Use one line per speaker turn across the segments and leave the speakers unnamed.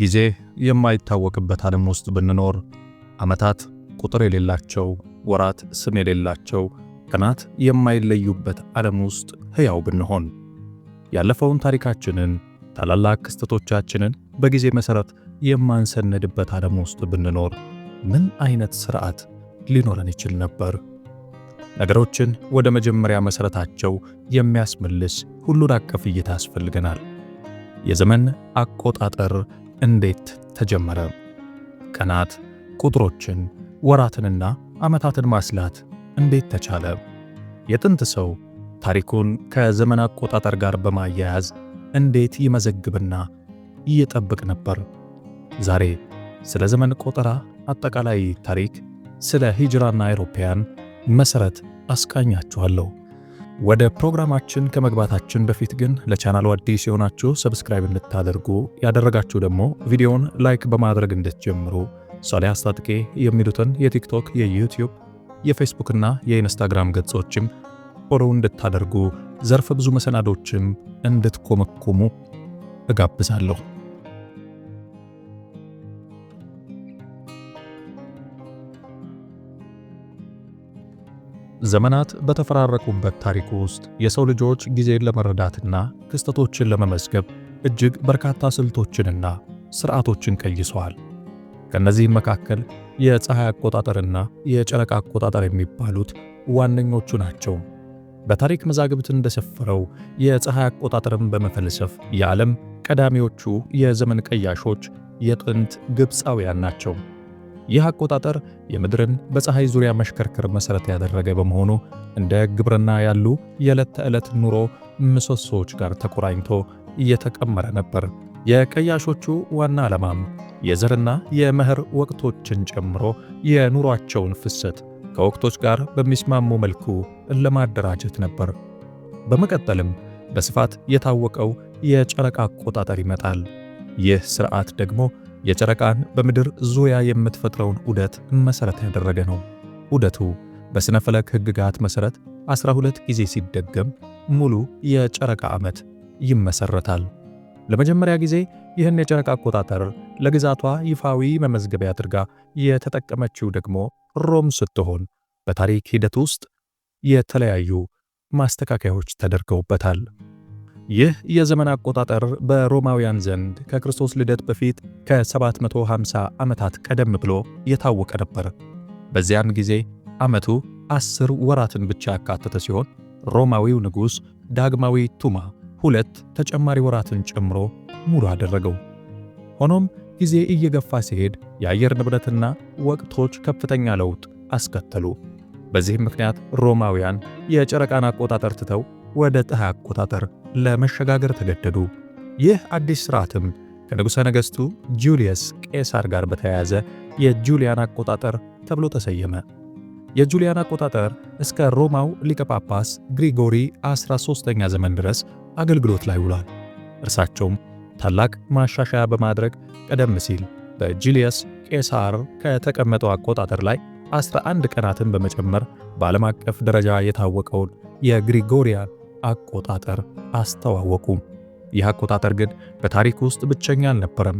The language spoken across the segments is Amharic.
ጊዜ የማይታወቅበት ዓለም ውስጥ ብንኖር ዓመታት ቁጥር የሌላቸው፣ ወራት ስም የሌላቸው፣ ቀናት የማይለዩበት ዓለም ውስጥ ሕያው ብንሆን ያለፈውን ታሪካችንን ታላላቅ ክስተቶቻችንን በጊዜ መሠረት የማንሰነድበት ዓለም ውስጥ ብንኖር ምን አይነት ሥርዓት ሊኖረን ይችል ነበር? ነገሮችን ወደ መጀመሪያ መሠረታቸው የሚያስመልስ ሁሉን አቀፍ እይታ ያስፈልገናል። የዘመን አቆጣጠር እንዴት ተጀመረ? ቀናት፣ ቁጥሮችን፣ ወራትንና ዓመታትን ማስላት እንዴት ተቻለ? የጥንት ሰው ታሪኩን ከዘመን አቆጣጠር ጋር በማያያዝ እንዴት ይመዘግብና ይጠብቅ ነበር? ዛሬ ስለ ዘመን ቆጠራ አጠቃላይ ታሪክ፣ ስለ ሂጅራና አውሮፓውያን መሠረት አስቃኛችኋለሁ። ወደ ፕሮግራማችን ከመግባታችን በፊት ግን ለቻናሉ አዲስ የሆናችሁ ሰብስክራይብ እንድታደርጉ ያደረጋችሁ ደግሞ ቪዲዮውን ላይክ በማድረግ እንድትጀምሩ ሳሊህ አስታጥቄ የሚሉትን የቲክቶክ፣ የዩቲዩብ፣ የፌስቡክና የኢንስታግራም ገጾችም ፎሎ እንድታደርጉ ዘርፈ ብዙ መሰናዶችም እንድትኮመኮሙ እጋብዛለሁ። ዘመናት በተፈራረቁበት ታሪክ ውስጥ የሰው ልጆች ጊዜን ለመረዳትና ክስተቶችን ለመመዝገብ እጅግ በርካታ ስልቶችንና ስርዓቶችን ቀይሰዋል። ከእነዚህም መካከል የፀሐይ አቆጣጠርና የጨረቃ አቆጣጠር የሚባሉት ዋነኞቹ ናቸው። በታሪክ መዛግብት እንደሰፈረው የፀሐይ አቆጣጠርን በመፈልሰፍ የዓለም ቀዳሚዎቹ የዘመን ቀያሾች የጥንት ግብፃውያን ናቸው። ይህ አቆጣጠር የምድርን በፀሐይ ዙሪያ መሽከርከር መሰረት ያደረገ በመሆኑ እንደ ግብርና ያሉ የዕለት ተዕለት ኑሮ ምሰሶዎች ጋር ተቆራኝቶ እየተቀመረ ነበር። የቀያሾቹ ዋና ዓላማም የዘርና የመኸር ወቅቶችን ጨምሮ የኑሯቸውን ፍሰት ከወቅቶች ጋር በሚስማሙ መልኩ ለማደራጀት ነበር። በመቀጠልም በስፋት የታወቀው የጨረቃ አቆጣጠር ይመጣል። ይህ ሥርዓት ደግሞ የጨረቃን በምድር ዙሪያ የምትፈጥረውን ዑደት መሰረት ያደረገ ነው። ዑደቱ በሥነ ፈለክ ሕግጋት መሠረት 12 ጊዜ ሲደገም ሙሉ የጨረቃ ዓመት ይመሰረታል። ለመጀመሪያ ጊዜ ይህን የጨረቃ አቆጣጠር ለግዛቷ ይፋዊ መመዝገቢያ አድርጋ የተጠቀመችው ደግሞ ሮም ስትሆን በታሪክ ሂደት ውስጥ የተለያዩ ማስተካከያዎች ተደርገውበታል። ይህ የዘመን አቆጣጠር በሮማውያን ዘንድ ከክርስቶስ ልደት በፊት ከ750 ዓመታት ቀደም ብሎ የታወቀ ነበር። በዚያን ጊዜ ዓመቱ አስር ወራትን ብቻ ያካተተ ሲሆን ሮማዊው ንጉሥ ዳግማዊ ቱማ ሁለት ተጨማሪ ወራትን ጨምሮ ሙሉ አደረገው። ሆኖም ጊዜ እየገፋ ሲሄድ የአየር ንብረትና ወቅቶች ከፍተኛ ለውጥ አስከተሉ። በዚህም ምክንያት ሮማውያን የጨረቃን አቆጣጠር ትተው ወደ ፀሐይ አቆጣጠር ለመሸጋገር ተገደዱ። ይህ አዲስ ስርዓትም ከንጉሠ ነገሥቱ ጁልየስ ቄሳር ጋር በተያያዘ የጁሊያን አቆጣጠር ተብሎ ተሰየመ። የጁሊያን አቆጣጠር እስከ ሮማው ሊቀ ጳጳስ ግሪጎሪ 13ኛ ዘመን ድረስ አገልግሎት ላይ ውሏል። እርሳቸውም ታላቅ ማሻሻያ በማድረግ ቀደም ሲል በጁልየስ ቄሳር ከተቀመጠው አቆጣጠር ላይ 11 ቀናትን በመጨመር በዓለም አቀፍ ደረጃ የታወቀውን የግሪጎሪያን አቆጣጠር አስተዋወቁ። ይህ አቆጣጠር ግን በታሪክ ውስጥ ብቸኛ አልነበረም።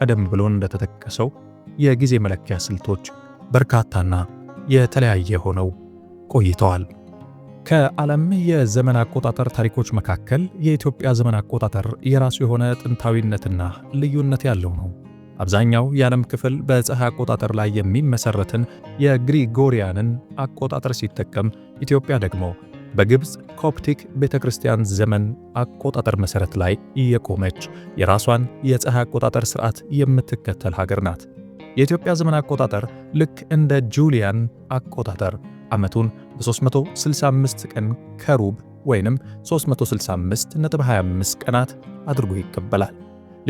ቀደም ብሎ እንደተጠቀሰው የጊዜ መለኪያ ስልቶች በርካታና የተለያየ ሆነው ቆይተዋል። ከዓለም የዘመን አቆጣጠር ታሪኮች መካከል የኢትዮጵያ ዘመን አቆጣጠር የራሱ የሆነ ጥንታዊነትና ልዩነት ያለው ነው። አብዛኛው የዓለም ክፍል በፀሐይ አቆጣጠር ላይ የሚመሰረትን የግሪጎሪያንን አቆጣጠር ሲጠቀም፣ ኢትዮጵያ ደግሞ በግብፅ ኮፕቲክ ቤተ ክርስቲያን ዘመን አቆጣጠር መሠረት ላይ የቆመች የራሷን የፀሐይ አቆጣጠር ሥርዓት የምትከተል ሀገር ናት። የኢትዮጵያ ዘመን አቆጣጠር ልክ እንደ ጁሊያን አቆጣጠር ዓመቱን በ365 ቀን ከሩብ ወይንም 365.25 ቀናት አድርጎ ይቀበላል።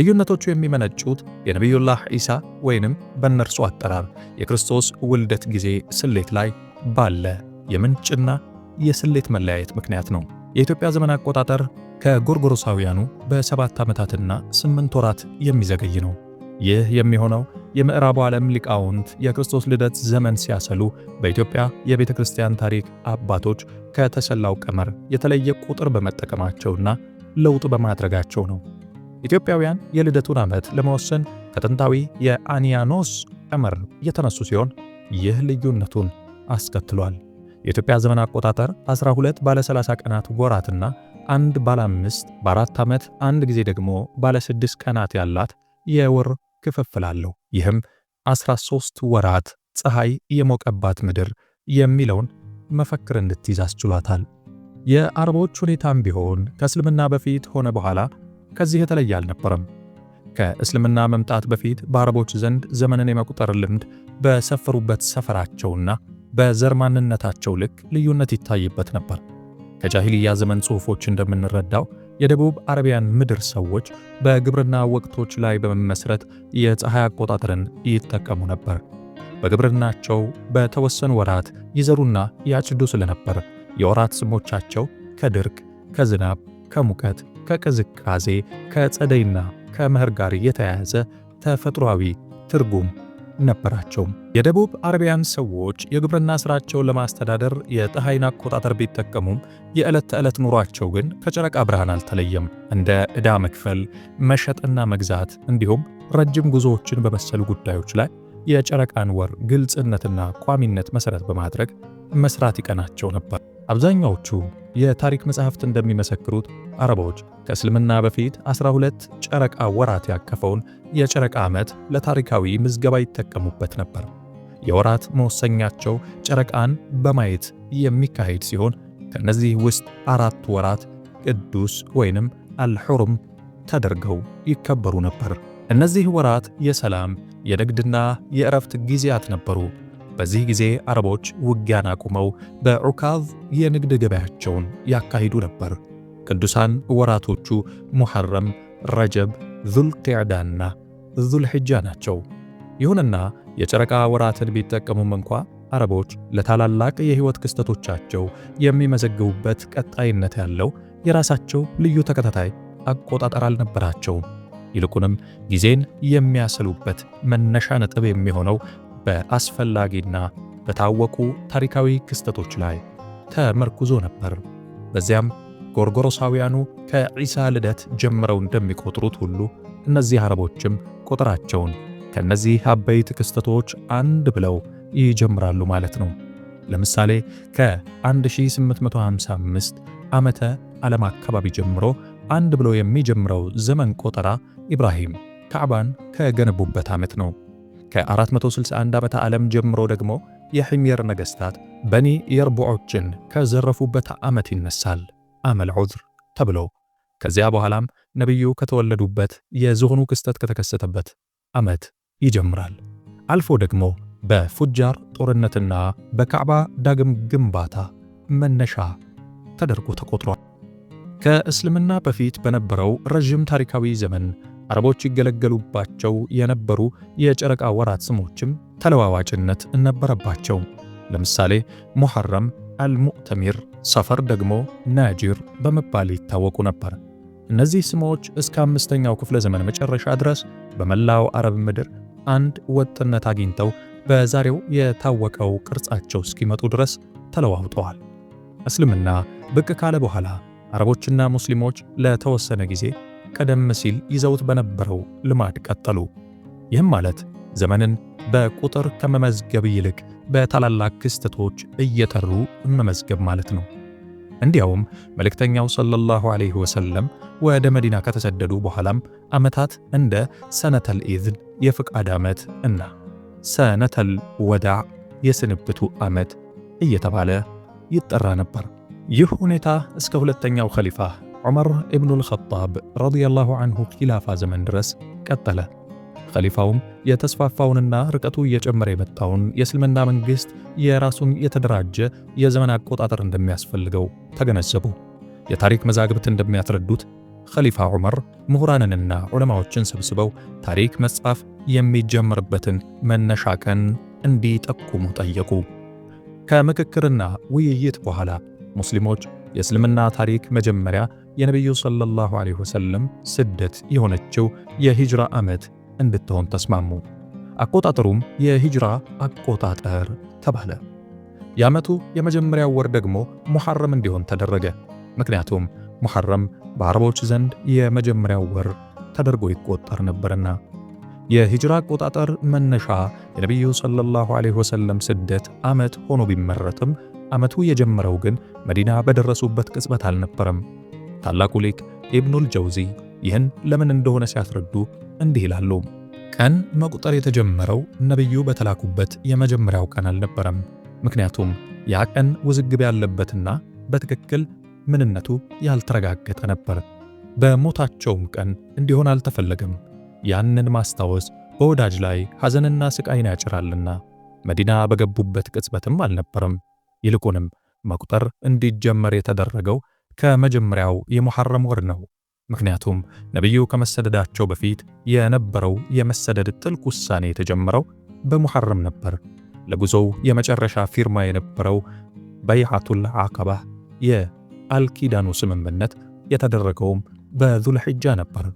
ልዩነቶቹ የሚመነጩት የነቢዩላህ ዒሳ ወይንም በእነርሱ አጠራር የክርስቶስ ውልደት ጊዜ ስሌት ላይ ባለ የምንጭና የስሌት መለያየት ምክንያት ነው። የኢትዮጵያ ዘመን አቆጣጠር ከጎርጎሮሳውያኑ በሰባት ዓመታትና ስምንት ወራት የሚዘገይ ነው። ይህ የሚሆነው የምዕራቡ ዓለም ሊቃውንት የክርስቶስ ልደት ዘመን ሲያሰሉ በኢትዮጵያ የቤተ ክርስቲያን ታሪክ አባቶች ከተሰላው ቀመር የተለየ ቁጥር በመጠቀማቸውና ለውጥ በማድረጋቸው ነው። ኢትዮጵያውያን የልደቱን ዓመት ለመወሰን ከጥንታዊ የአኒያኖስ ቀመር የተነሱ ሲሆን ይህ ልዩነቱን አስከትሏል። የኢትዮጵያ ዘመን አቆጣጠር 12 ባለ 30 ቀናት ወራትና አንድ ባለ 5 በአራት ዓመት አንድ ጊዜ ደግሞ ባለ 6 ቀናት ያላት የወር ክፍፍል አለው። ይህም 13 ወራት ፀሐይ የሞቀባት ምድር የሚለውን መፈክር እንድትይዝ አስችሏታል። የአረቦች ሁኔታም ቢሆን ከእስልምና በፊት ሆነ በኋላ ከዚህ የተለየ አልነበረም። ከእስልምና መምጣት በፊት በአረቦች ዘንድ ዘመንን የመቁጠር ልምድ በሰፈሩበት ሰፈራቸውና በዘር ማንነታቸው ልክ ልዩነት ይታይበት ነበር። ከጃሂልያ ዘመን ጽሑፎች እንደምንረዳው የደቡብ አረቢያን ምድር ሰዎች በግብርና ወቅቶች ላይ በመመስረት የፀሐይ አቆጣጠርን ይጠቀሙ ነበር። በግብርናቸው በተወሰኑ ወራት ይዘሩና ያጭዱ ስለነበር የወራት ስሞቻቸው ከድርቅ፣ ከዝናብ፣ ከሙቀት፣ ከቅዝቃዜ፣ ከጸደይና ከመኸር ጋር የተያያዘ ተፈጥሯዊ ትርጉም ነበራቸው። የደቡብ አረቢያን ሰዎች የግብርና ስራቸውን ለማስተዳደር የፀሐይን አቆጣጠር ቢጠቀሙም የዕለት ተዕለት ኑሯቸው ግን ከጨረቃ ብርሃን አልተለየም። እንደ ዕዳ መክፈል፣ መሸጥና መግዛት እንዲሁም ረጅም ጉዞዎችን በመሰሉ ጉዳዮች ላይ የጨረቃን ወር ግልጽነትና ቋሚነት መሠረት በማድረግ መስራት ይቀናቸው ነበር። አብዛኛዎቹ የታሪክ መጽሐፍት እንደሚመሰክሩት አረቦች ከእስልምና በፊት 12 ጨረቃ ወራት ያቀፈውን የጨረቃ ዓመት ለታሪካዊ ምዝገባ ይጠቀሙበት ነበር። የወራት መወሰኛቸው ጨረቃን በማየት የሚካሄድ ሲሆን ከነዚህ ውስጥ አራት ወራት ቅዱስ ወይንም አልሑሩም ተደርገው ይከበሩ ነበር። እነዚህ ወራት የሰላም የንግድና የእረፍት ጊዜያት ነበሩ። በዚህ ጊዜ አረቦች ውጊያን አቁመው በዑካዝ የንግድ ገበያቸውን ያካሂዱ ነበር። ቅዱሳን ወራቶቹ ሙሐረም፣ ረጀብ፣ ዙልቅዕዳና ዙልሕጃ ናቸው። ይሁንና የጨረቃ ወራትን ቢጠቀሙም እንኳ አረቦች ለታላላቅ የሕይወት ክስተቶቻቸው የሚመዘግቡበት ቀጣይነት ያለው የራሳቸው ልዩ ተከታታይ አቆጣጠር አልነበራቸውም። ይልቁንም ጊዜን የሚያሰሉበት መነሻ ነጥብ የሚሆነው በአስፈላጊና በታወቁ ታሪካዊ ክስተቶች ላይ ተመርኩዞ ነበር። በዚያም ጎርጎሮሳውያኑ ከዒሳ ልደት ጀምረው እንደሚቆጥሩት ሁሉ እነዚህ አረቦችም ቁጥራቸውን ከእነዚህ አበይት ክስተቶች አንድ ብለው ይጀምራሉ ማለት ነው። ለምሳሌ ከ1855 ዓመተ ዓለም አካባቢ ጀምሮ አንድ ብሎ የሚጀምረው ዘመን ቆጠራ ኢብራሂም ካዕባን ከገነቡበት ዓመት ነው። ከ461 ዓመተ ዓለም ጀምሮ ደግሞ የሕምየር ነገሥታት በኒ የርቡዖችን ከዘረፉበት ዓመት ይነሳል። አመል ዑዝር ተብሎ ከዚያ በኋላም ነቢዩ ከተወለዱበት የዝሆኑ ክስተት ከተከሰተበት ዓመት ይጀምራል። አልፎ ደግሞ በፉጃር ጦርነትና በካዕባ ዳግም ግንባታ መነሻ ተደርጎ ተቆጥሯል። ከእስልምና በፊት በነበረው ረዥም ታሪካዊ ዘመን አረቦች ይገለገሉባቸው የነበሩ የጨረቃ ወራት ስሞችም ተለዋዋጭነት ነበረባቸው። ለምሳሌ ሙሐረም፣ አልሙዕተሚር ሰፈር ደግሞ ናጂር በመባል ይታወቁ ነበር። እነዚህ ስሞች እስከ አምስተኛው ክፍለ ዘመን መጨረሻ ድረስ በመላው አረብ ምድር አንድ ወጥነት አግኝተው በዛሬው የታወቀው ቅርጻቸው እስኪመጡ ድረስ ተለዋውጠዋል። እስልምና ብቅ ካለ በኋላ አረቦችና ሙስሊሞች ለተወሰነ ጊዜ ቀደም ሲል ይዘውት በነበረው ልማድ ቀጠሉ። ይህም ማለት ዘመንን በቁጥር ከመመዝገብ ይልቅ በታላላቅ ክስተቶች እየተሩ መመዝገብ ማለት ነው። እንዲያውም መልእክተኛው ሰለላሁ ዐለይሂ ወሰለም ወደ መዲና ከተሰደዱ በኋላም ዓመታት እንደ ሰነተል ኢዝን የፍቃድ ዓመት እና ሰነተል ወዳዕ የስንብቱ ዓመት እየተባለ ይጠራ ነበር። ይህ ሁኔታ እስከ ሁለተኛው ኸሊፋ ዑመር ኢብኑል ኸጣብ ረዲየላሁ ዐንሁ ኪላፋ ዘመን ድረስ ቀጠለ። ኸሊፋውም የተስፋፋውንና ርቀቱ እየጨመረ የመጣውን የእስልምና መንግሥት የራሱን የተደራጀ የዘመን አቆጣጠር እንደሚያስፈልገው ተገነዘቡ። የታሪክ መዛግብት እንደሚያስረዱት ኸሊፋ ዑመር ምሁራንንና ዑለማዎችን ሰብስበው ታሪክ መጻፍ የሚጀምርበትን መነሻ ቀን እንዲጠቁሙ ጠየቁ። ከምክክርና ውይይት በኋላ ሙስሊሞች የእስልምና ታሪክ መጀመሪያ የነቢዩ ሰለላሁ ዐለይሂ ወሰለም ስደት የሆነችው የሂጅራ ዓመት እንድትሆን ተስማሙ። አቆጣጠሩም የሂጅራ አቆጣጠር ተባለ። የዓመቱ የመጀመሪያው ወር ደግሞ ሙሐረም እንዲሆን ተደረገ። ምክንያቱም ሙሐረም በአረቦች ዘንድ የመጀመሪያው ወር ተደርጎ ይቆጠር ነበርና። የሂጅራ አቆጣጠር መነሻ የነቢዩ ሰለላሁ ዐለይሂ ወሰለም ስደት ዓመት ሆኖ ቢመረጥም ዓመቱ የጀመረው ግን መዲና በደረሱበት ቅጽበት አልነበረም። ታላቁ ሊቅ ኢብኑል ጀውዚ ይህን ለምን እንደሆነ ሲያስረዱ እንዲህ ይላሉ። ቀን መቁጠር የተጀመረው ነቢዩ በተላኩበት የመጀመሪያው ቀን አልነበረም። ምክንያቱም ያ ቀን ውዝግብ ያለበትና በትክክል ምንነቱ ያልተረጋገጠ ነበር። በሞታቸውም ቀን እንዲሆን አልተፈለገም። ያንን ማስታወስ በወዳጅ ላይ ሐዘንና ስቃይን ያጭራልና መዲና በገቡበት ቅጽበትም አልነበረም። ይልቁንም መቁጠር እንዲጀመር የተደረገው ከመጀመሪያው የሙሐረም ወር ነው። ምክንያቱም ነቢዩ ከመሰደዳቸው በፊት የነበረው የመሰደድ ጥልቅ ውሳኔ የተጀመረው በሙሐረም ነበር። ለጉዞው የመጨረሻ ፊርማ የነበረው በይዓቱል ዓቀባህ የአልኪዳኑ ስምምነት የተደረገውም በዙልሕጃ ነበር።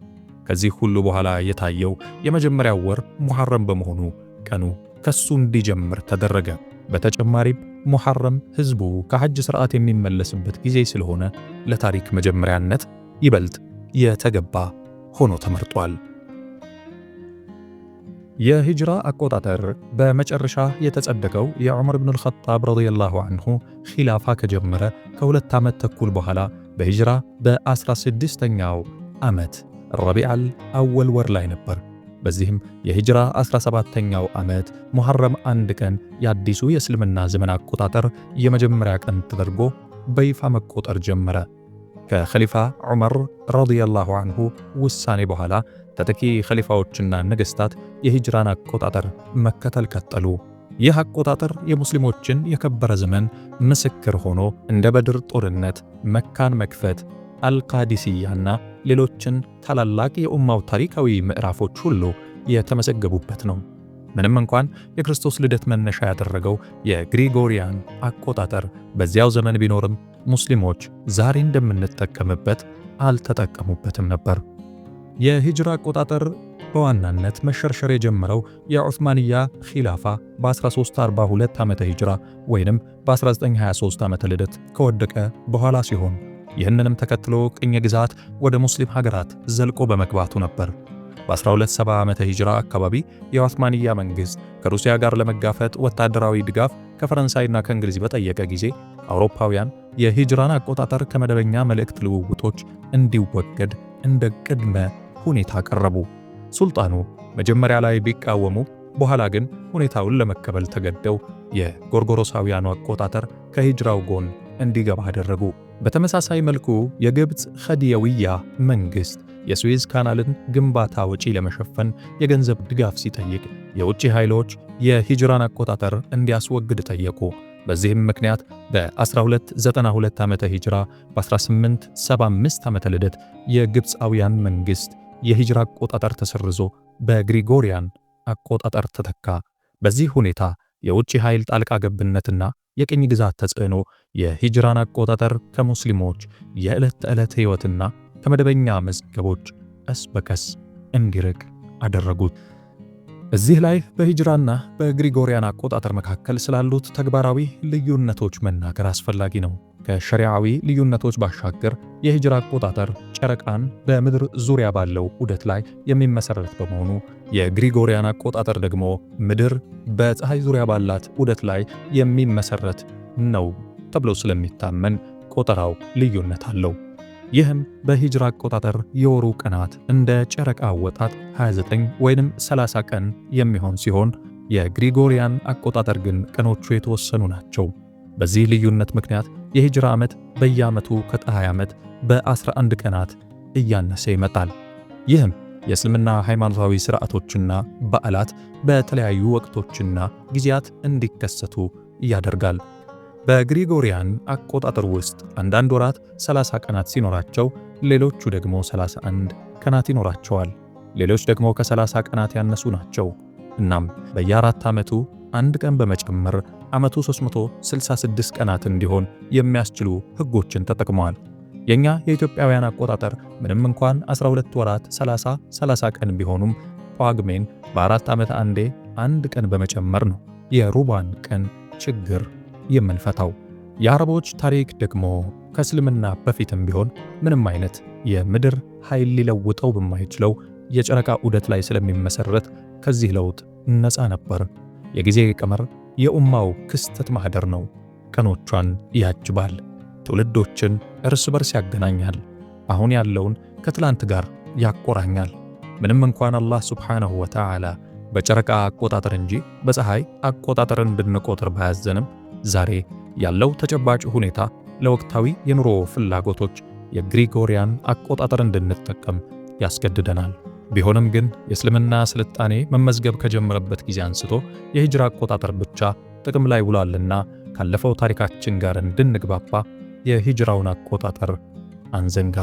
ከዚህ ሁሉ በኋላ የታየው የመጀመሪያው ወር ሙሐረም በመሆኑ ቀኑ ከሱ እንዲጀምር ተደረገ። በተጨማሪም ሙሐረም ህዝቡ ከሐጅ ሥርዓት የሚመለስበት ጊዜ ስለሆነ ለታሪክ መጀመሪያነት ይበልጥ የተገባ ሆኖ ተመርጧል። የሂጅራ አቆጣጠር በመጨረሻ የተጸደቀው የዑመር ብን አልኸጣብ ረዲየላሁ አንሁ ኺላፋ ከጀመረ ከሁለት ዓመት ተኩል በኋላ በሂጅራ በ16ኛው ዓመት ረቢዓል አወል ወር ላይ ነበር። በዚህም የሂጅራ 17ኛው ዓመት ሙሐረም አንድ ቀን የአዲሱ የእስልምና ዘመን አቆጣጠር የመጀመሪያ ቀን ተደርጎ በይፋ መቆጠር ጀመረ። ከኸሊፋ ዑመር ረዲየላሁ አንሁ ውሳኔ በኋላ ተተኪ ኸሊፋዎችና ነገሥታት የሂጅራን አቆጣጠር መከተል ቀጠሉ። ይህ አቆጣጠር የሙስሊሞችን የከበረ ዘመን ምስክር ሆኖ እንደ በድር ጦርነት፣ መካን መክፈት፣ አልቃዲሲያና ሌሎችን ታላላቅ የኡማው ታሪካዊ ምዕራፎች ሁሉ የተመዘገቡበት ነው። ምንም እንኳን የክርስቶስ ልደት መነሻ ያደረገው የግሪጎሪያን አቆጣጠር በዚያው ዘመን ቢኖርም ሙስሊሞች ዛሬ እንደምንጠቀምበት አልተጠቀሙበትም ነበር። የሂጅራ አቆጣጠር በዋናነት መሸርሸር የጀመረው የዑስማንያ ኺላፋ በ1342 ዓመተ ሂጅራ ወይንም በ1923 ዓመተ ልደት ከወደቀ በኋላ ሲሆን ይህንንም ተከትሎ ቅኝ ግዛት ወደ ሙስሊም ሀገራት ዘልቆ በመግባቱ ነበር። በ1270 ዓመተ ሂጅራ አካባቢ የዑስማንያ መንግሥት ከሩሲያ ጋር ለመጋፈጥ ወታደራዊ ድጋፍ ከፈረንሳይና ከእንግሊዝ በጠየቀ ጊዜ አውሮፓውያን የሂጅራን አቆጣጠር ከመደበኛ መልእክት ልውውጦች እንዲወገድ እንደ ቅድመ ሁኔታ ቀረቡ። ሱልጣኑ መጀመሪያ ላይ ቢቃወሙ፣ በኋላ ግን ሁኔታውን ለመቀበል ተገደው የጎርጎሮሳውያኑ አቆጣጠር ከሂጅራው ጎን እንዲገባ አደረጉ። በተመሳሳይ መልኩ የግብፅ ኸዲየውያ መንግሥት የስዊዝ ካናልን ግንባታ ወጪ ለመሸፈን የገንዘብ ድጋፍ ሲጠይቅ የውጭ ኃይሎች የሂጅራን አቆጣጠር እንዲያስወግድ ጠየቁ። በዚህም ምክንያት በ1292 ዓመተ ሂጅራ በ1875 ዓመተ ልደት የግብፃውያን መንግሥት የሂጅራ አቆጣጠር ተሰርዞ በግሪጎሪያን አቆጣጠር ተተካ። በዚህ ሁኔታ የውጭ ኃይል ጣልቃ ገብነትና የቅኝ ግዛት ተጽዕኖ የሂጅራን አቆጣጠር ከሙስሊሞች የዕለት ተዕለት ሕይወትና ከመደበኛ መዝገቦች ቀስ በቀስ እንዲርቅ አደረጉት። እዚህ ላይ በሂጅራና በግሪጎሪያን አቆጣጠር መካከል ስላሉት ተግባራዊ ልዩነቶች መናገር አስፈላጊ ነው። ከሸሪዓዊ ልዩነቶች ባሻገር የሂጅራ አቆጣጠር ጨረቃን በምድር ዙሪያ ባለው ዑደት ላይ የሚመሰረት በመሆኑ የግሪጎሪያን አቆጣጠር ደግሞ ምድር በፀሐይ ዙሪያ ባላት ዑደት ላይ የሚመሰረት ነው ተብሎ ስለሚታመን ቆጠራው ልዩነት አለው። ይህም በሂጅራ አቆጣጠር የወሩ ቀናት እንደ ጨረቃ አወጣጥ 29 ወይም 30 ቀን የሚሆን ሲሆን የግሪጎሪያን አቆጣጠር ግን ቀኖቹ የተወሰኑ ናቸው። በዚህ ልዩነት ምክንያት የሂጅራ ዓመት በየዓመቱ ከፀሐይ ዓመት በ11 ቀናት እያነሰ ይመጣል። ይህም የእስልምና ሃይማኖታዊ ሥርዓቶችና በዓላት በተለያዩ ወቅቶችና ጊዜያት እንዲከሰቱ ያደርጋል። በግሪጎሪያን አቆጣጠር ውስጥ አንዳንድ ወራት 30 ቀናት ሲኖራቸው፣ ሌሎቹ ደግሞ 31 ቀናት ይኖራቸዋል። ሌሎች ደግሞ ከ30 ቀናት ያነሱ ናቸው። እናም በየአራት ዓመቱ አንድ ቀን በመጨመር ዓመቱ 366 ቀናት እንዲሆን የሚያስችሉ ሕጎችን ተጠቅመዋል። የእኛ የኢትዮጵያውያን አቆጣጠር ምንም እንኳን 12 ወራት 30 30 ቀን ቢሆኑም ጳጉሜን በአራት ዓመት አንዴ አንድ ቀን በመጨመር ነው የሩባን ቀን ችግር የምንፈታው። የአረቦች ታሪክ ደግሞ ከእስልምና በፊትም ቢሆን ምንም አይነት የምድር ኃይል ሊለውጠው በማይችለው የጨረቃ ዑደት ላይ ስለሚመሰረት ከዚህ ለውጥ ነፃ ነበር። የጊዜ ቀመር የኡማው ክስተት ማህደር ነው። ቀኖቿን ያጅባል፣ ትውልዶችን እርስ በርስ ያገናኛል፣ አሁን ያለውን ከትላንት ጋር ያቆራኛል። ምንም እንኳን አላህ ሱብሓነሁ ወተዓላ በጨረቃ አቆጣጠር እንጂ በፀሐይ አቆጣጠር እንድንቆጥር ባያዘንም ዛሬ ያለው ተጨባጭ ሁኔታ ለወቅታዊ የኑሮ ፍላጎቶች የግሪጎሪያን አቆጣጠር እንድንጠቀም ያስገድደናል። ቢሆንም ግን የእስልምና ስልጣኔ መመዝገብ ከጀመረበት ጊዜ አንስቶ የሂጅራ አቆጣጠር ብቻ ጥቅም ላይ ውሏልና ካለፈው ታሪካችን ጋር እንድንግባባ የሂጅራውን አቆጣጠር አንዘንጋ።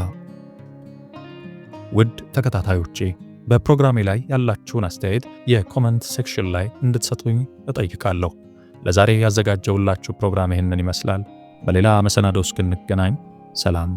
ውድ ተከታታዮቼ በፕሮግራሜ ላይ ያላችሁን አስተያየት የኮመንት ሴክሽን ላይ እንድትሰጡኝ እጠይቃለሁ። ለዛሬ ያዘጋጀውላችሁ ፕሮግራም ይህንን ይመስላል። በሌላ መሰናዶ እስክንገናኝ ሰላም